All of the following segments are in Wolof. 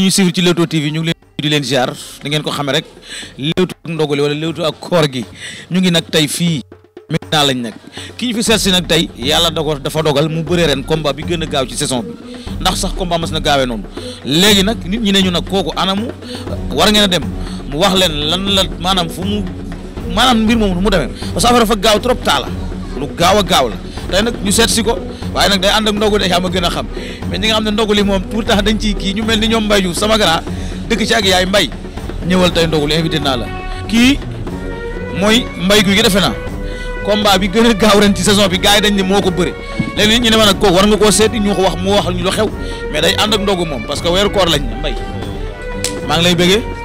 ñu suivre ci Leewtoo TV ñu ngi leen di leen ziar da ngeen ko xamee rek Leewtoo ak ndogali wala Leewtoo ak koor gi ñu ngi nag tey fii maintenant lañ nag ki ñu fi seet si nag tey yàlla da dafa dogal mu bëree ren combat bi gën a gaaw ci saison bi ndax sax combat mas na gaawee noonu léegi nag nit ñi ne ñu nag kooku anamu war ngeen a dem mu wax leen lan la maanaam fu mu maanaam mbir moom moomu mu demee parce que affaire dafa gaaw trop taala lu gaaw a gaaw la. tey nag ñu seet si ko waaye nag day ànd ak ndogu de yaa ma gën a xam mais ñi nga xam ne ndogu li moom tax dañ ciy kii ñu mel ni ñoom Mbaye Diouf sama grand dëkk ci ak yaay mbay ñëwal tey ndogu li invité naa la kii mooy mbay guy gi defe naa combat bi gën a gaaw ren ci saison bi gars yi dañ ne moo ko bëre léegi ñu ne ma nag kooku war koo seeti ñu ko wax mu wax ñu lu xew mais day ànd ak moom parce que weeru koor lañ mbay maa ngi lay bëggee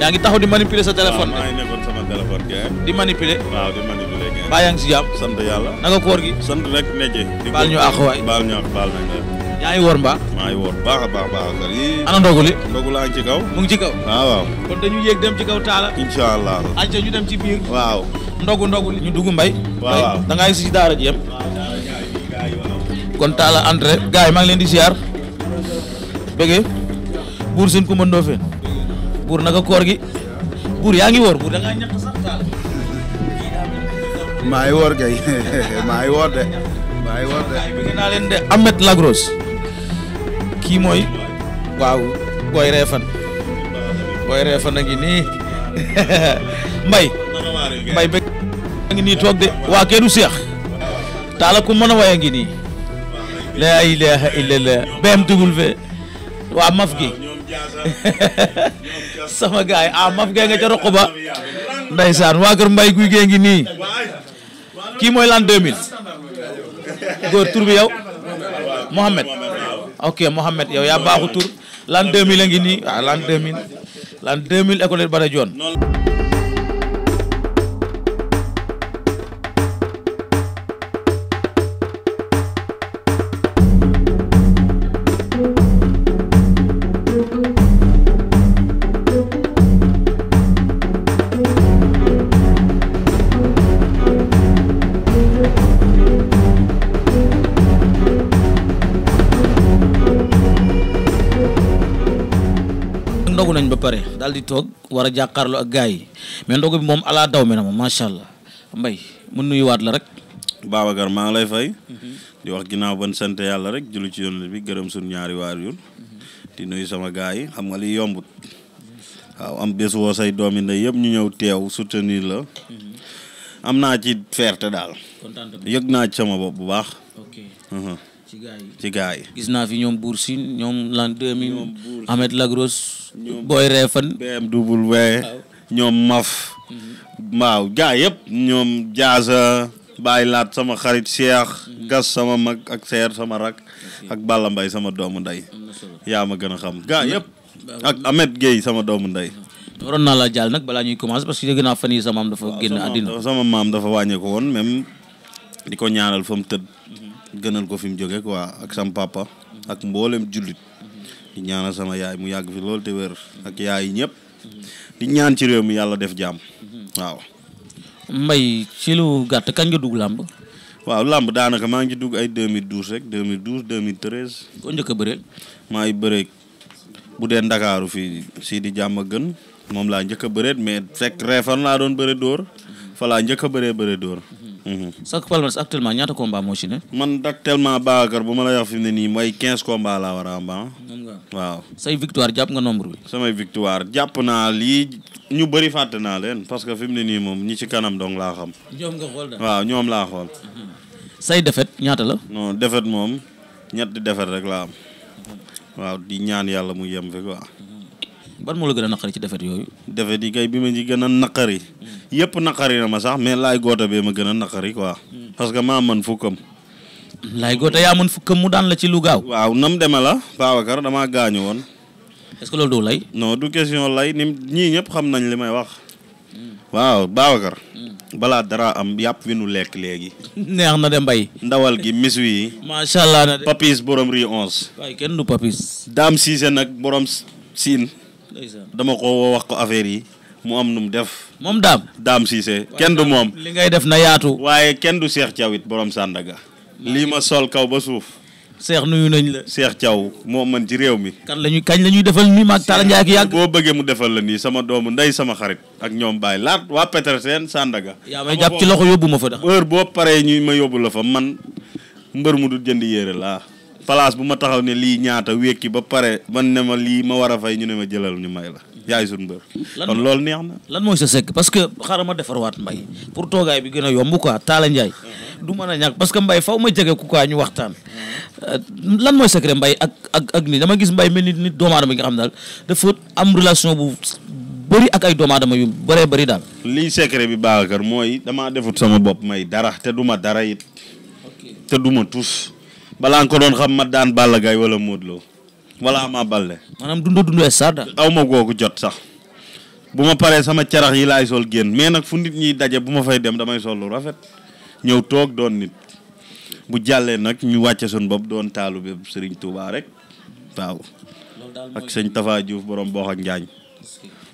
yaa ngi taxaw di manipuler sa téléphone. waaw maa ngi nekkoon sama téléphone kay. di manipuler. waaw di manipuler kay. baa si jàmm. sant koor gi. sant rek nekkee. baal ñu àq baal ñu àq baal nañ la. yaa ngi woor mbaa. maa ngi woor a baax baax a kër laa ngi kaw. mu ngi ci kaw. waaw waaw. kon dañu yéeg dem ci kaw taala. incha allah. ayca ñu dem ci biir. waaw. ndogu ndogu li. ñu dugg mbay. waaw waaw da ngaa si daara ji yem. kon taala entrée. gars yi maa ngi leen di ziar. bëggee. buur siin ku mën buur naka koor gi buur yaa ngi woor buur da ngaa ñàkk maa ngi woor kay maa ngi woor de maa ngi woor de bëgg naa Lagros kii mooy waaw booy reefan booy reefan a ngi nii mbay mbay bëgg ngi nii toog de waa kee du seex taala ku mën a way a ngi nii laa ilaha illallah BMW waa maf gi sama gaay ah maf gay nga ca roq ba ndeysaan waa kër mbay guy gee ngi nii kii mooy lan 2000 góor tur bi yow Mohamed ok Mohamed yow yaa baaxu tur lan 2000 a ngi nii waaw lan 2000 lan 2000 école Bara Dione pare daal di toog war a jàkkaarloo ak gars yi mais ndogu bi moom alaa daw mi na ma macha allah mbay mu nuyuwaat la rek. Babacar maa ngi lay fay. Mhm. di wax ginnaaw ban sant yàlla rek julli ci yoon bi gërëm suñu ñaari waar yoon. Mhm. di nuyu sama gaa yi xam nga li yombut. waaw am bés woo say doomi ndey yëpp ñu ñëw teew soutenir la. Mhm. am naa ci fierté daal. kontaan yëg naa sama bopp bu baax. ci gaa ci gaa yi. gis naa fi ñoom Bour Sine ñoom l'an 2000. ñoom Bour Ahmed Lagros. ñoom Boy Refan. BMW. ñoom Maf. Mhm. waaw gaa yëpp. ñoom Diasa. bàyyi laat sama xarit Cheikh. Mhm. gas sama mag ak seer sama rak. ak Balla Mbaye sama doomu ndey. yaa ma gën a xam gaa yëpp. ak Ahmed Gueye sama doomu ndey. Mhm. waroon naa laa jàll nag balaa ñuy commencer parce que yëg naa fan yii sama maam dafa génn àddina. maam dafa wàññeeku woon même di ko ñaanal fa mu tëdd. gënal ko fi mu jógee quoi ak sam papa ak mboolem jullit di ñaanal sama yaay mu yàgg fi loolu te wér ak yaay ñëpp di ñaan ci réew mi yàlla def jàmm waaw. mbay ci lu gàtt kañ nga dugg làmb. waaw làmb daanaka maa ngi ci dugg ay 2012 rek 2012 2013. ko njëkk a bëreel. maa ngi bëreeg bu dee ndakaaru fii si di jàmm ak gën moom laa njëkk a bëreet mais fekk reefan laa doon bëre dóor fa laa njëkk bëree bëre dóor. sa mhm. palmarès actuellement ñaata combat moo ci ne. man actuellement Babacar bu ma la wax fi mu ne nii mooy quinze combat laa war a am ah. waaw say victoire jàpp nga nombre bi. samay victoire jàpp naa lii ñu bëri fàtte naa leen parce que fi mu ne nii moom ñu ci kanam dong laa xam. ñoom nga xool daal waaw ñoom laa xool. Mhm. say défaite ñaata la. non moom ñetti défaite rek laa am. waaw di ñaan yàlla mu yem fi quoi. ban moo la gën a naqari ci defet yooyu defet yi kay bi ma ci gën a naqari mm. yëpp naqari na ma sax mais laay goota bee ma gën a naqari quoi mm. parce que maa man fukkam lay goota yaa man fukkam mu daan la ci lu gaaw waaw nam deme la Babacar damaa gaañu woon est que loolu du lay du question lay ni ñii ñëpp xam nañ li may wax mm. waaw Babacar balaa dara am yàpp wi nu lekk léegi. neex na de mbay. ndawal gi misu yi. macha allah na de papis borom ri onze. waaye kenn du papis. daam siise nag borom siin. dama ko wax ko affaire yi mu am nu mu def. moom daam daam Cissé kenn du moom. li ngay def na yaatu. waaye kenn du seex Thiaw it borom Sandaga. lii ma sol kaw ba suuf. Cheikh nuyu nañ la. Cheikh Thiaw moo man ci réew mi. kan la ñuy kañ la ñuy defal nii maag Talla Ndiaye ak yàgg. boo bëggee mu defal la nii sama doomu ndey sama xarit. ak ñoom Baye laat waa seen sàndaga yaa may jàpp ci loxo yóbbu ma fa. heure boo paree ñu ma yóbbu la fa man mbër mu du jënd yére laa. place bu ma taxaw ne lii ñaata wékki ba pare man ne ma lii ma war a fay ñu ne ma jëlal ñu may la yaay suñ mbër kon loolu neex na lan mooy sa sekk parce que xaaral ma defar waat mbay pour toogaay bi gën a yomb quoi Talla Ndiaye mhm. du mën a ñàkk parce que mbay faw ma jege ku quoi ñu waxtaan euh, lan mooy secret mbay ak ak ak ni dama gis mbay mel ni nit doomu aadama nga xam daal dafa am relation bu bëri ak ay doomu aadama yu bëree bëri daal lii secret bi Babacar mooy damaa defut sama bopp may dara te duma dara it te duma tus balaa nga ko doon xam ma daan Balla Gaye wala Modou Lo wala Ama Baldé. maanaam dund dundu stade. aw ma googu jot sax bu ma paree sama carax yi laay sol génn mais nag fu nit ñiy daje bu ma fay dem damay sol rafet ñëw toog doon nit bu jàllee nag ñu wàcce suñu bopp doon taalu bi Serigne Touba rek waaw. ak sëñ Tafa Diouf borom boo ak Njaañ.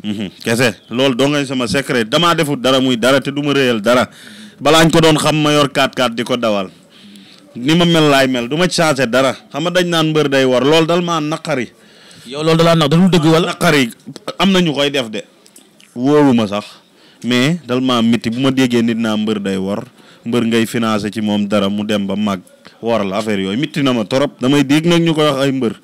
Mhm. kese loolu doo ngay sama secret damaa defut dara muy dara te du ma réyal dara balaañ ko doon xam ma yor 4-4 di ko dawal. ni ma mel laay mel duma ma changé dara xam nga dañ naan mbër day war lool dal maa naqari. yow loolu da laa naq dalul dëgg wala. naqari am na ñu koy def de. wóoru ma sax mais dal maa métti bu ma déggee nit naa mbër day war mbër ngay financé ci moom dara mu dem ba mag war la affaire yooyu mitti na ma trop damay dégg nag ñu koy wax ay mbër.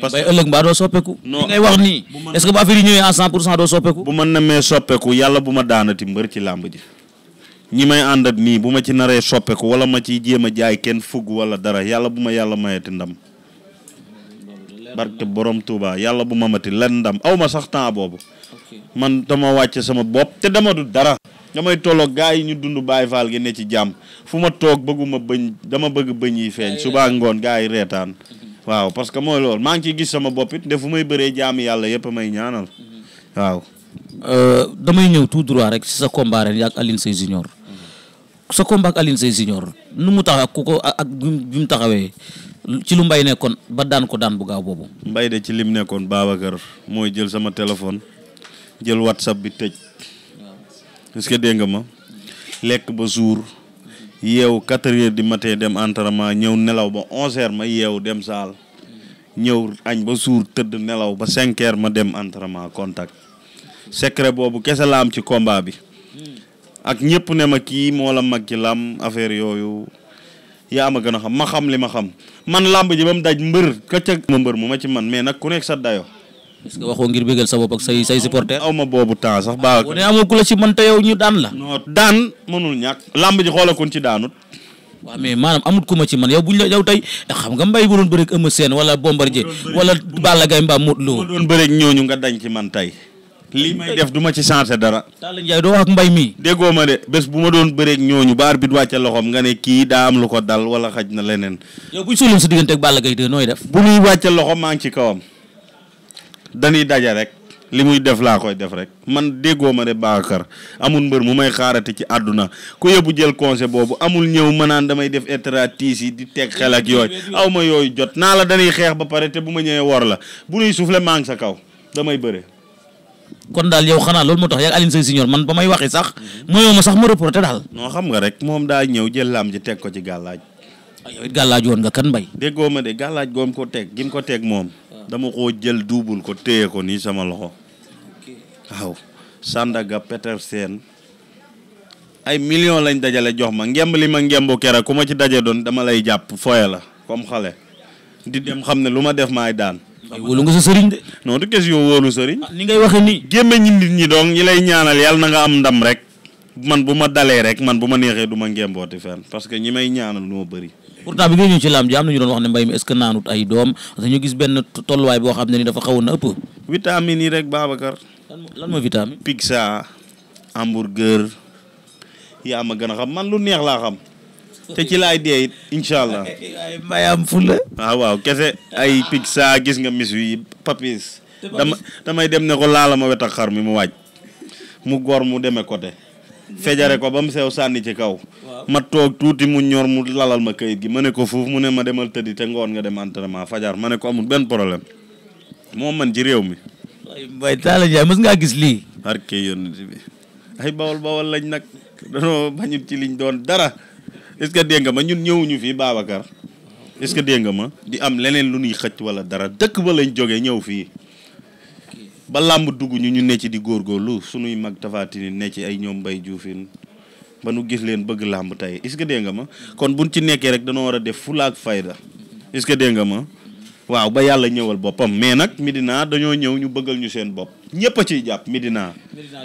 parce que ëllëg mbaa doo soppeeku. non ngay wax nii. est-ce que bu affaire yi ñëwee à 100 pour cent doo soppeeku. bu ma namee soppeeku yàlla bu ma daanati mbër ci làmb ji. ñi may àndat nii bu ma ci naree soppeeku wala ma ci jéem a jaay kenn fugg wala dara yàlla bu ma yàlla mayet ndam barke borom Touba yàlla bu ma mati len ndam aw ma sax temps boobu man dama wàcc sama bopp te dama du dara damay tolloo gaa yi ñu dund Baay Faal gi ne ci jàmm fu ma toog bëgguma bëñ dama bëgg bëñ yi feeñ subaa ngoon gaa yi reetaan mhm. waaw parce que mooy lool maa ngi ciy gis sama bopp it nde fu may bëree jaami yàlla yëpp may ñaanal mhm. waaw euh, damay ñëw tout droit rek si sa combat ren yaag Alioune Sèye sa combat ak Alioune Seye Junior nu mu tax ak ku ko ak bi mu taxawee ci lu mbay nekkoon ba daan ko daan bu gaaw boobu. mbay de ci lim nekkoon baaba Babacar mooy jël sama téléphone jël whatsapp bi tëj est-ce que dégg nga ma lekk ba suur yeew quatre di du matin dem entrement ñëw nelaw ba onze heures ma yeew dem saal ñëw añ ba suur tëdd nelaw ba cinq heures ma dem entraînement contact secret boobu kese la am ci combat bi. ak ñëpp ne ma kii moo mag ji lam affaire yooyu yaa ma gën a xam ma xam li ma xam man làmb ji ba mu daj mbër ka ca mbër mu ma ci man mais nag ku nekk sa dayo est-ce que waxoo ngir bégal sa bopp ak say say supporter aw ma boobu temps sax baa ne amul te yow ñu daan la non daan mënul ñàkk làmb ji xoola kon ci daanut waaw mais maanaam amut ku ma ci man yow buñ la yow tey xam nga mbay bu doon bëreeg Eumeu seen wala Bombardier wala Balla Gaye mbaa Modou Lo doon bëreeg ñooñu nga dañ ci man tey lii may def du ma ci changé dara. Talla Ndiaye doo ak mbay mi. déggoo ma de bés bu ma doon bëreeg ñooñu baar bi du wàcce loxoom nga ne kii daa am lu ko dal wala xaj na leneen. yow bu ñu suuloon sa diggante ak Balla nooy def. bu ñuy wàcce loxo maa ngi ci kawam danuy daje rek li muy def laa koy def rek man déggoo ma de Baakar amul mbër mu may xaarati ci àdduna ko yóbbu jël conseil boobu amul ñëw ma naan damay def stratégie yi di teg xel ak yooyu aw ma yooyu jot naa la dañuy xeex ba pare te bu ma ñëwee wor la bu ñuy soufflé maa ngi sa kaw kon daal yow xanaa loolu moo tax yaag Alioune Sèye Junior man ba may waxi sax mooyoo mhm. ma sax ma reporté daal non xam nga rek moom daa ñëw jël laam ji teg ko ci gàllaaj ah yow gàllaaj woon nga kan mbay déggoo ma de gàllaaj goom ko teg gim ko teg moom ah. dama koo jël duubul ko téye ko nii sama loxo waaw Sandaga Petersen ay million lañ dajale jox ma ngemb li ma ngembu kere ku ma ci daje doon dama lay jàpp foye la comme xale di dem xam ne lu ma def maay daan wóolu nga sa sëriñ de. non du question ah, ni ngay waxee nit ñi donc ñi lay ñaanal yàlla na nga am ndam rek man bu ma dalee rek man bu ma neexee du ma ngémbooti fenn parce que ñi may ñaanal ñoo bëri. pourtant bi ngay ñëw ci ñu doon wax ne mbay mi est-ce que ay doom parce gis benn tolluwaay boo xam ne ni dafa xawoon na ëpp. vitamine yi rek Babacar. lan ma lan mooy vitamine. pizza hamburger yaa ma gën a xam man lu neex laa xam. te ci laay dee it incha allah. mayaam waaw ah, waaw kese ay pizza gis nga mis yi papis. dama damay dem ne ko laala ma wet xar mi mu waaj mu góor mu demee côté. fejare ko ba mu sew sànni ci kaw. ma toog tuuti mu ñor mu lalal ma kayit gi ma ne ko foofu mu ne ma demal tëddi te ngoon nga dem entraînement fajar ma ne ko amul benn problème moo man ci réew mi. waaye Talla Ndiaye mës ngaa ay bawol bawol lañ nag danoo bañut ci liñ doon dara. est-ce que dégg nga ma ñun ñëwuñu fii Babacar est-ce que dégg nga ma di am leneen lu ñuy xëcc wala dara dëkk ba lañ jógee ñëw fii ba làmb dugg ñu ñu ne ci di góorgóorlu suñuy mag tafaatini ne ci ay ñoom Mbaye Dioufine ba nu gis leen bëgg làmb tey est-ce que dégg nga ma kon buñ ci nekkee rek dañoo war a def fulaak fayda est-ce que dégg nga ma waaw ba yàlla ñëwal boppam mais nag Medina dañoo ñëw ñu bëggal ñu seen bopp ñëpp a ciy jàpp midinaa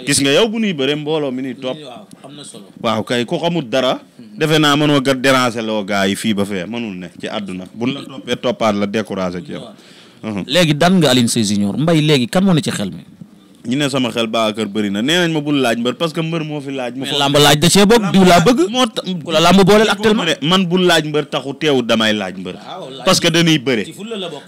gis nga yow bu nuy bëree mbooloo mi nuy topp. am na solo waaw kay ku xamul dara. defe naa mënoo gën déranger loo gaa yi fii ba fee mënul ne ci àdduna bu buñ la toppee toppaat la découragé ci yow. léegi dan nga Alioune Sèye Junior mbay léegi kan moo ne ci xel mi. ñu ne sama xel Babacar bëri na nee nañ ma bul laaj mbër parce que mbër moo fi laaj. mu foofu lamb laaj da cee bokk diw laa bëgg. moo tax ku la lamb booleel actuellement man bul laaj mbër taxu teew damay laaj mbër. parce que dañuy bëre.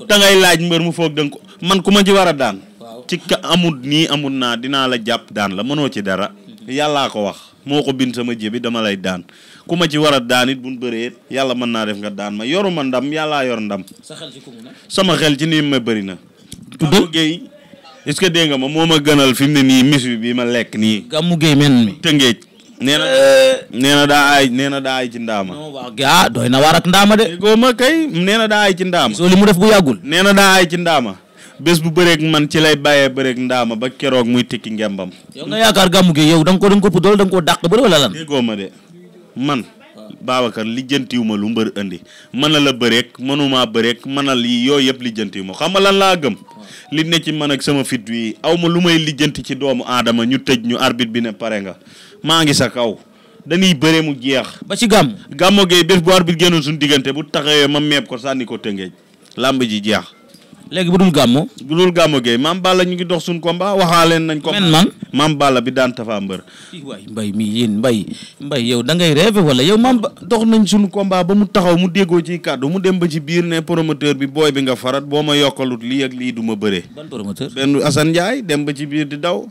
da ngay laaj mu foog danga ko man ku ma ci war a daan. ci ka amul nii amul naa dinaa la jàpp daan la mënoo ci dara. Mhm. yàllaa ko wax moo ko bind sama jébi dama lay daan ku ma ci war a daan it buñ bëree yàlla mën naa def nga daan ma yoru ma ndam yàllaa yor ndam. sama xel ci nii ma bëri na. est-ce que dégg nga ma moo ma gënal fi mu ne nii misu bi ma lek nii. gàmmu géey men mi. tëngeej. nee na eh. nee na daa aay nee na daa aay ci ndaama. non ah, doy na waar ak ndaama de. déggoo kay nee na daa aay ci ndaama. soo mu def bu yàggul. nee na daa aay ci ndaama. bés bu bëreeg man ci lay bàyyee bëreeg ndaama ba keroog muy tikki ngembam. yow nga yaakaar gàmmu géey yow da nga ko da nga ko dool da koo dàq bëri lan. man. Babacar lijjantiwu ma lu mbër indi mën a la bëreek mënumaa bëreek mën a lii yooyu yëpp lijjantiwu ma xam nga lan laa gëm li ne ci man ak sama fit wi aw ma lu may lijjanti ci doomu aadama ñu tëj ñu arbitre bi ne pare nga maa ngi sa kaw dañuy bëree mu jeex ba ci gàmm gàmmo gee bés bu arbitre génnoon suñu diggante bu taxawee ma meeb ko sànni ko tëngeej làmb ji jeex léegi bu dul gàmmu. bu dul gàmmu Gueye maam Balla ñu ngi dox suñu waxaa leen nañ ko. men man maam Balla bi daan tafa mbër. waay mbay mi yéen mbay mbay yow da ngay rêve wala yow maam dox nañ suñu combat ba mu taxaw mu déggoo ci kàddu mu dem ba ci biir ne promoteur bi booy bi nga farat boo ma yokkalut lii ak lii duma ma bëree. ban promoteur benn Assane Ndiaye dem ba ci biir di daw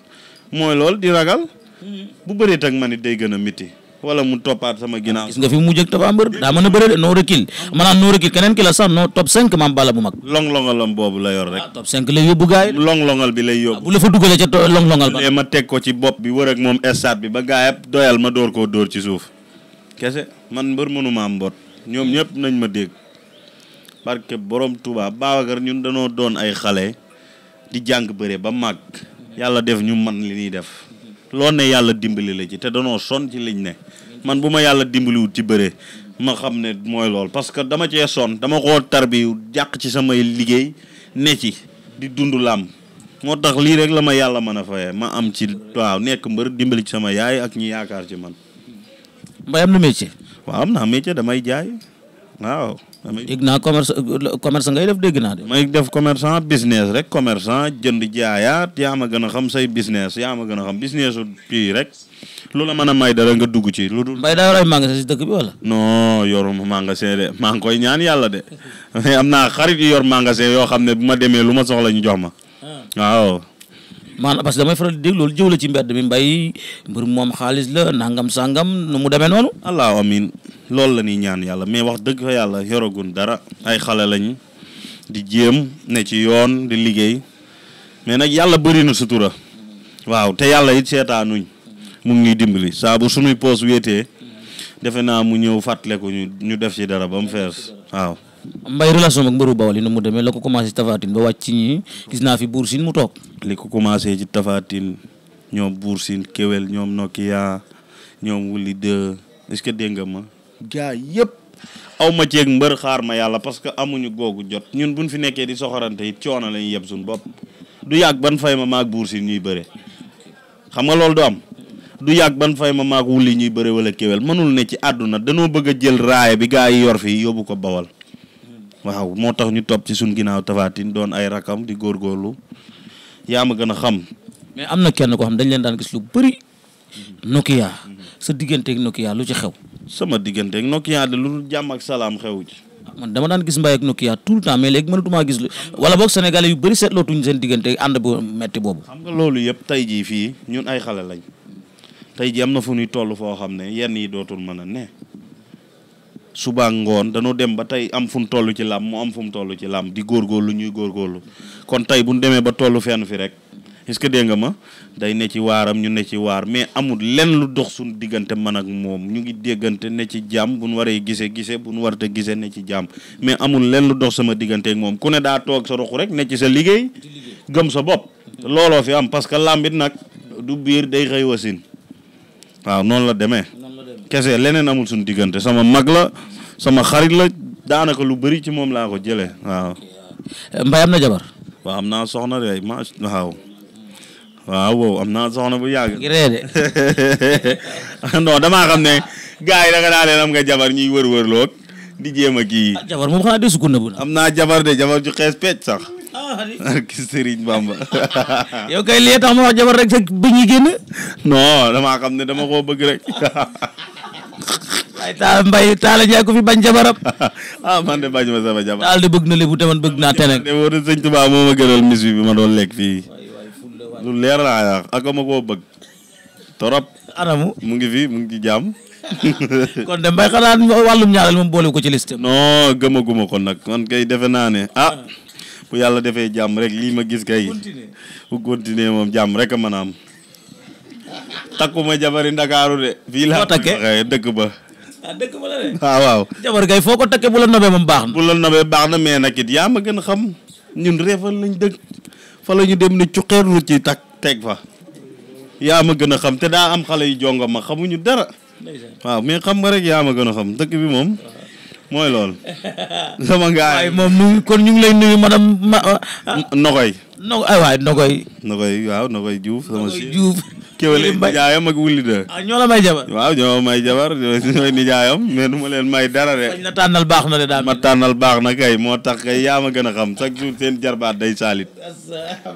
mooy loolu di ragal. Hmm. bu bëree tag ma ni day gën a métti. wala mu toppaat sama ginnaaw gis nga fi mu mujj ak Tapha daa mën a bëre de no recul maanaam no recul keneen ki la sax no top 5 maam bala bu mag long boobu la yor rek ah, top 5 lay yóbbu gaay long-longal bi lay yóbbu ah, bu la fa dugalee ca long-longal ma teg ko ci bopp bi wër ak moom stade bi ba gaayab doyal ma door koo dóor ci suuf kese man mbër mënuma am mbot ñoom ñëpp nañ ma dégg parce que boroom Touba Babacar ñun dañoo doon ay xale di jàng bëre ba màgg yàlla def ñu man li ñuy def loo ne yàlla dimbali la ci te danoo son ci liñ ne man bu ma yàlla dimbaliwut ci bëree ma xam ne mooy lool parce que dama cee son dama koo tarbiyu jàq ci samay liggéey ne ci di dund làmb moo tax lii rek la ma yàlla mën a fayee ma am ci waaw nekk mbër dimbali ci sama yaay ak ñu yaakaar ci man. mbay am na métier. waaw am naa métier damay jaay. waaw. dégg naa commerce commerce ngay def dégg naa de. may def commerçant business rek commerçant jënd jaayaat yaa ma gën a xam say business yaa ma gën a xam business fii rek lu la mën a may dara nga dugg ci lu mbay daa yor ay si dëkk bi wala. non yoruma de maa ngi koy ñaan yàlla de mais am naa xarit yu yor magasin yoo xam ne bu ma demee lu ma soxla ñu jox ma ah. waaw. maanaam parce que damay faral di dégg la ci mbedd mi mbay mbir moom xaalis la nangam sangam nu mu demee noonu. allahu amin loolu la ñuy ñaan yàlla mais wax dëgg fa yàlla yoragun dara ay xale lañu di jéem ne ci yoon di liggéey mais nag yàlla bëri na sutura waaw te yàlla it seetaanuñ mu ngi dimbali saabu bu suñuy poos wéetee defe naa mu ñëw fàttaleku ñu ñu def ci dara ba mu fees waaw. mbay relation ak mbaru Bawol yi nu mu demee la ko commencé ci Tafatine ba wàcc gis naa fi Buur Sine mu toog. li ko commencé ci Tafatine ñoom Buur Sine kéwél ñoom Nokia ñoom Wuli 2 est-ce que dégg nga ma. gaa yëpp aw ma ceeg mbër xaar ma yàlla parce que amuñu googu jot ñun bu buñ fi nekkee di soxorante it coono lañu yeb suñ bopp du yàgg ban fay ma maag buur si ñuy bëre xam nga loolu du am du yàgg ban fay ma maag wulli ñuy bëre wala kéwel mënul ne ci àdduna danoo bëgg a jël raaya bi gaa yi yor fi yóbbu ko bawal waaw moo tax ñu topp ci suñ ginnaaw tafaatin doon ay rakam di góor góorlu yaa ma gën a xam mais am na kenn ko xam dañ leen daan gis lu bëri Nokia sa digganteeg Nokia lu ci xew sama diggante ak Nokia de lu jàmm ak salaam xew ci. Ah, man dama daan gis Mbaye ak Nokia tout le temps mais léegi mënatumaa gis lu wala boog sénégalais yu bëri seetlootuñ seen diggante ak ànd bu metti boobu. xam nga loolu yëpp tey jii fii ñun ay xale lañ tey jii am na fu ñuy toll foo xam ne yenn yi dootul mën a ne. suba ngoon danoo dem ba tey am fu mu toll ci làmb mu am fu mu toll ci làmb di góorgóorlu ñuy góorgóorlu kon tey bu ñu demee ba toll fenn fi rek est-ce que dégg nga ma day ne ci waaram ñu ne ci waar mais amul lenn lu dox suñu diggante man ak moom ñu ngi déggante ne ci jàmm bu nu waree gisee gise bu nu warate gisee ne ci jàmm mais amul lenn lu dox sama diggante moom ku ne daa toog sa ruq rek ne ci sa liggéey gëm sa bopp looloo fi am parce que làmbit nag du biir day xëy wasin waaw noonu la demee kese leneen amul suñu diggante sama mag la sama xarit la daanaka lu bëri ci moom laa ko jëlee waaw. Mbaye am na jabar. waa am naa soxna ma waaw. waaw wow am naa soxna bu yàgg. non damaa xam ne yi da naa leen nga jabar ñuy wër-wër loog di jéem a kii. Ah, jabar moom xanaa desu ko na bu jabar de jabar ju xees pecc sax. ki ah, Serigne Bamba. yow kay lii jabar rek sa bëñ yi xam ne dama koo bëgg rek. ay taal mbay taala jaay ko fi bañ jabaram. ah man de bañ ma jabar. taal de bëgg na lébu te man de wóor na sëñ Tuubaa moo bi ma doon lekk fii. lu leer laa wax ak koo bëgg torop anamu mu ngi fi mu ngi ci kon de mbay xanaa wàllum ñaareel moom boole ko ci liste noo gëmaguma ko nag man kay defe naa ne ah bu yàlla defee jàmm rek lii ma gis kay bu continuer moom jàmm rek a mën a am takkuma jabari ndakaaru de fii laa takkee ba ah, de ah, waaw jabar kay foo ko takkee bu la nobee moom baax na bu la nobee baax na mais nag it yaa ma gën xam ñun reefal lañ dëkk fa la ñu dem ne cuqeerlu ci tak teg fa yaa a gën a xam te daa am xale yu jongama xamuñu dara waaw mais xam nga rek yaa a gën a xam dëkk bi moom mooy lool sama gars yi moom nu kon ñu ngi lay nuyu madame Nogoy no ay waay waaw Nogoy Diouf sama si Diouf kéwél nijaayam ak wulli de ah, ñoo la may jabar waaw mais du ma leen may dara tànnal baax na de daal ma tànnal baax na kay moo tax kay yaa gën a xam chaque jour seen jarbaat day saalit am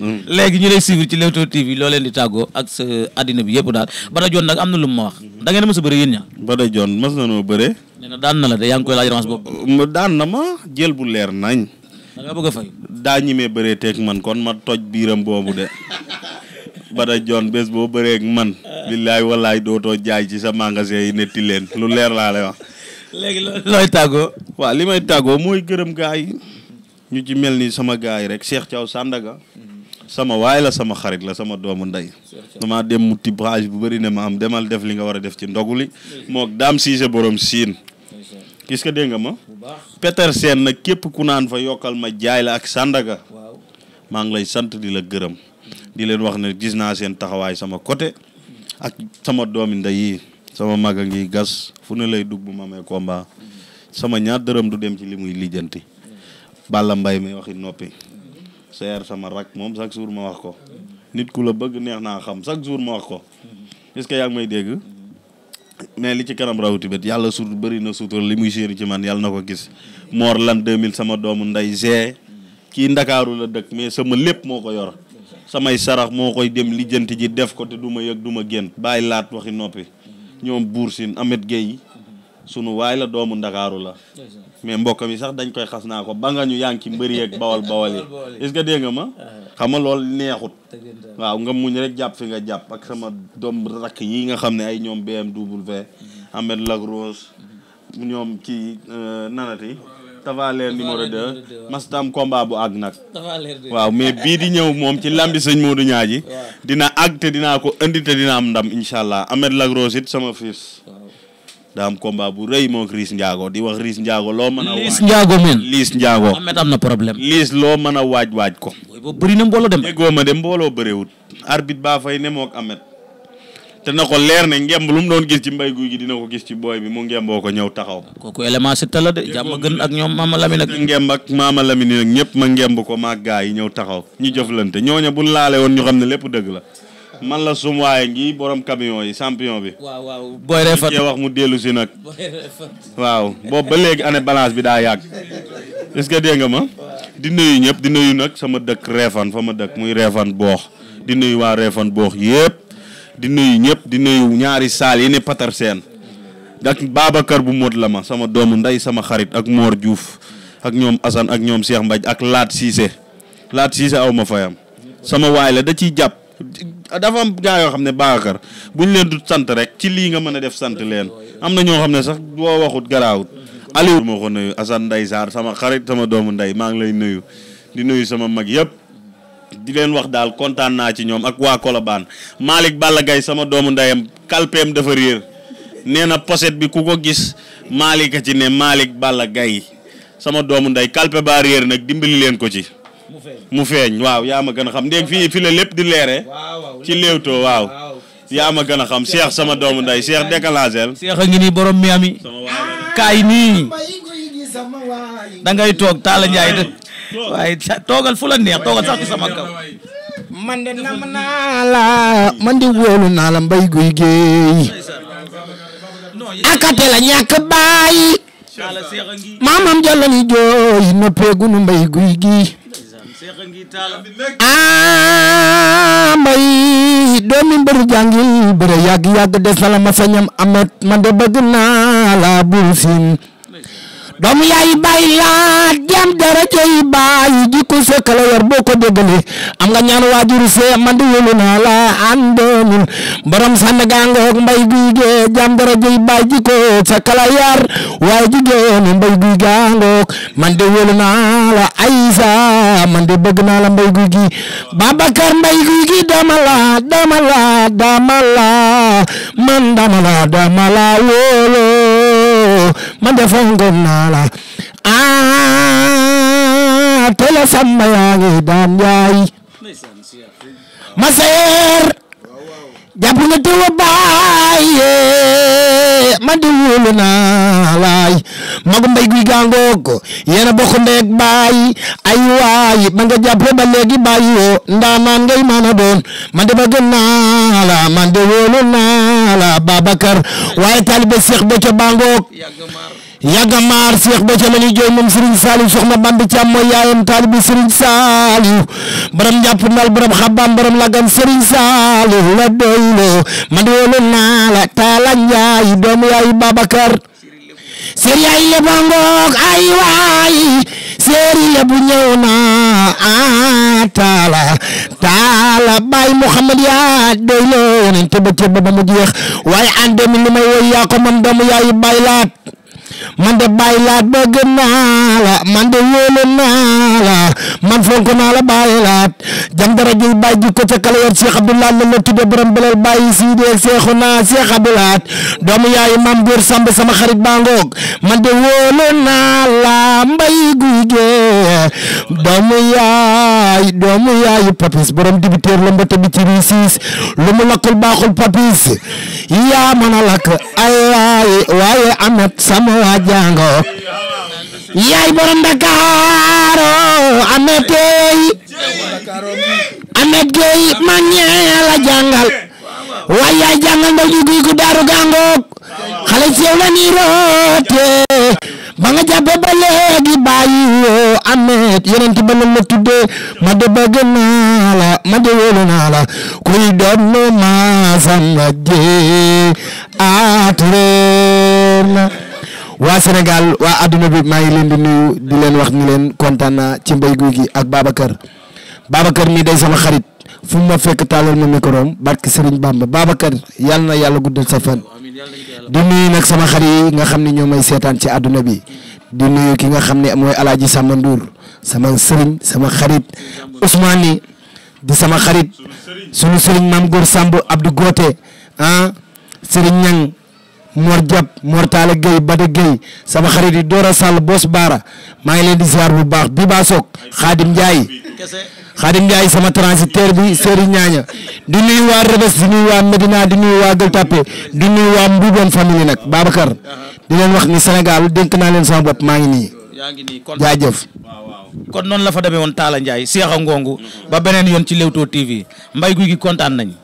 hmm. léegi ñu lay suivre ci Leewtoo TV loo leen di tàggoo ak sa addina bi yëpp daal Bada nag am na lu ma wax da ngeen mës a bëre yéen ñaar Bada noo bëre nee daan na la de yaa ngi koy laaj revanche boobu uh, daan na ma jël bu leer nañ da nga bëgg a daa ñimee bëree teeg man kon ma toj biiram boobu de Bada John bés boo bëree man. billaay wallaay dootoo jaay ci sa magasin yi netti leen lu leer laa lay wax. looy tàggoo. waa li may tàggoo mooy gërëm gaa yi ñu ci mel ni sama gaa yi rek Cheikh Thiaw Sandaga. sama waay la sama xarit la sama doomu ndey damaa dem mu tibb xaalis bu bëri ne ma am demal def li nga war a def ci ndogu li mook daam siise borom siin gis nga dégg nga ma Peter Sène nag képp ku naan fa yokkal ma jaay la ak Sandaga maa ngi lay sant di la gërëm di leen wax ne gis naa seen taxawaay sama côté ak sama doomi ndey yi sama mag a ngi gas fu ne lay dug bu ma amee combat sama ñaar dërëm du dem ci li muy lijjanti Balla mbay mi waxi noppi seer sama rak moom chaque jour ma wax ko nit ku la bëgg neex naa xam chaque jour ma wax ko est-ce que yaa may dégg mais li ci kanam rawati bét yàlla sur bëri na suutal li muy séeri ci man yàlla na ko gis moor lan 2000 sama doomu nday g kii ndakaaru la dëkk mais sama lépp moo ko yor samay sarax moo koy dem lijjanti ji def ko te du ma yëg du ma génn bàyyi laat waxi noppi ñoom buur siin Amet Gueye sunu waay la doomu ndakaaru la mais mbokk mi sax dañ koy xas naa ko ba nga ñu yaa ngi ci mbëri yeeg bawal bawal yi est-ce que dégg nga ma xam nga lool neexut waaw nga muñ rek jàpp fi nga jàpp ak sama doom rakk yi nga xam ne ay ñoom BMW Ahmed Lagros ñoom ci euh, nanati Tavaler numéro 2 mastam combat bu àgg nag. waaw mais bii di ñëw moom ci lambi sëñ Modou Ñaaji dina àgg te dinaa ko indi te dina am ndam incha allah Ahmed Lagros it sama fils. daa am bu rëy moog Liss Ndiago di wax Liss Ndiago loo mën a. waaj Liss Ndiago na problème. Liss loo mën a waaj waaj ko. booy boo bëri dem. déggoo ma de mbooloo bëriwut. arbitre baa fay ne moog Ahmed. te na ko leer ne ngemb lu mu doon gis ci mbay guy gi dina ko gis ci booy bi mu ngemboo ko ñëw taxaw. kooku élément si tala de jàmm gën ak ñoom maama Lamine ak. ngemb ak maama Lamine nag ñëpp ma ngemb ko maag gaa yi ñëw taxaw ñu jëflante ñooña bu ñu laale woon ñu xam ne lépp dëgg la. man la sum waaye ngi boroom camion yi champion bi. waaw waaw booy refat wax mu dellu si nag. waaw boobu ba léegi année balance bi daa yàgg. est-ce que dégg nga ma. di nuyu ñëpp di nuyu nag sama dëkk reefan fa ma dëkk muy reefan boox di nuyu waa reefan boox yëpp di nuyu ñëpp di nuyu ñaari saal yi ne patar seen ak Babacar bu mot la ma sama doomu ndey sama xarit ak Mor Diouf ak ñoom Assane ak ñoom seex Mbaj ak Laat Cissé Laat Cissé aw ma fayam sama waay la da ciy jàpp dafa am gaa yoo xam ne Babacar buñ leen du sant rek ci lii nga mën a def sant leen am na ñoo xam ne sax boo waxut garaawut Aliou ma ko nuyu Assane Ndeye Sarr sama xarit sama doomu ndey maa ngi lay nuyu di nuyu sama mag yëpp di leen wax daal kontaan naa ci ñoom ak waa Colobane Malick Balla Gaye sama doomu ndeyam kalpeem dafa réer nee na pochette bi ku ko gis Malick a ci ne maalik Balla Gaye sama doomu ndey kalpe baa réer nag dimbali leen ko ci mu feeñ waaw yaa ma gën a xam ndéeg fii fi lépp di leere ci Leewtoo waaw yaa ma gën a xam seex sama doomu nday seex décalagel Cheikh a ngi nii mi Miami kaay nii da ngay toog Talla Ndiaye waaye toogal fu la neex toogal sax ci sama kaw. man nam naa la man de wóolu naa la mbay guy géey akate la maamam jàllo jooy noppeegu nu mbay guy gi aa mbay doomi mbër jàngil bëre yàgg yàgg de sala ma amet man de bëgg naa la doomu yaayi baay laat jam daraja yi baay ji ko sëkkal war boo ko déggale am nga ñaan waajuru see man di wóolu naa la ànde ñun borom sànn gaangoog mbay jam daraja baay ji ko sëkkal yar waaye jigéen mbay guy gaangoog man di wóolu naa la aysa man di bëgg naa la mbay guy gi Babacar dama la dama la dama la man man defoon gëm naa ah, ah, ah, tele sama yaa ngi daan yaay ma seer jàpp na teewa baaye eh, man de wóolu naa laay magu mbay guy gàngoog yéen a bokk ndeeg baay ay waay ma nga jàppee ba léegi baay yoo oh, ndaa naan ngay mën a doon man ba gën naa la man de wóolu naa Babacar waaye taalibe Cheikh Béthio Bango yàgg maar Cheikh Béthio la ñuy jooy moom Serigne Saliou soxna Bambi Thiam mooy yaayam taalibe Serigne Saliou borom njàpp ndal borom xabam borom lagam Serigne Saliou la doyloo man woolu naa la Talla Ndiaye doomu yaayu Babacar Serigne yaay le Bango ay waay seeri lebu ñëw na a taala taala baay Muhammad yaa doy loo ba cër ba mu jeex waaye ànd mi li may woy yaa ko man doomu yaayu baay laat man de bàyyi laat bëgg naa man de wóolu naa la man fonk naa la jam dara ji bàyyi ji ko ca kala yor Cheikh Abdoulaat la la tudde borom belal bàyyi sii de doomu yaayu maam góor samb sama xarit baa ngoog man de wóolu naa mbay guy gee doomu yaay doomu yaayu papis borom dibiteer la mbata bi ci riisiis lu mu lakkul baaxul papis yaa a lakk ay waaye waaye amet sama waa jàngo yaay borom Ndakaaru oh, amet tey amet gey man ñee la jàngal waaye yaay jàngal ndaw ñu guy ku daaru gàngoog xale la nii ma nga jàppe ba léegi bàyyi woo amet yonent ba la tuddee ma de bëgg naa la ma de wóolu naa la kuy doon ma sama jee atreen waa Sénégal waa adduna bi maa ngi leen di nuyu di leen wax ni leen kontaan naa ci mbéy guy gi ak Babacar kër mii day sama xarit fu ma fekk taalal ma micro am barke Serigne Bamba Babacar yàlla na yàlla guddal sa fan. di nuyu nag sama xar yi nga xam ne ñoo may seetaan ci àdduna bi di nuyu ki nga xam ne mooy alaaji Samba Ndour sama sëriñ sama xarit Ousmane di sama xarit suma sëriñ maam Góor Samb Abdou gote ah sëriñ ñang Mor Diab Mor Talla Gueye Bada Gueye sama xarit yi door a Sall Bos Baara maa ngi leen di ziar bu baax bi baa soog Xaadim Ndiaye Xaadim Njaay sama transitaire bi Serigne Ñaaña di nuyu waa Rebes di nuyu waa Medina di nuyu waa Gueule Tapée di nuyu waa Mbuuboon famille nag Babacar di leen wax ni Sénégal dénk naa sama bopp maa ngi nii jaajëf kon noonu la fa demee woon Talla Ndiaye Seex a Ngongu ba beneen yoon ci Leewtoo TV mbay guy gi kontaan nañ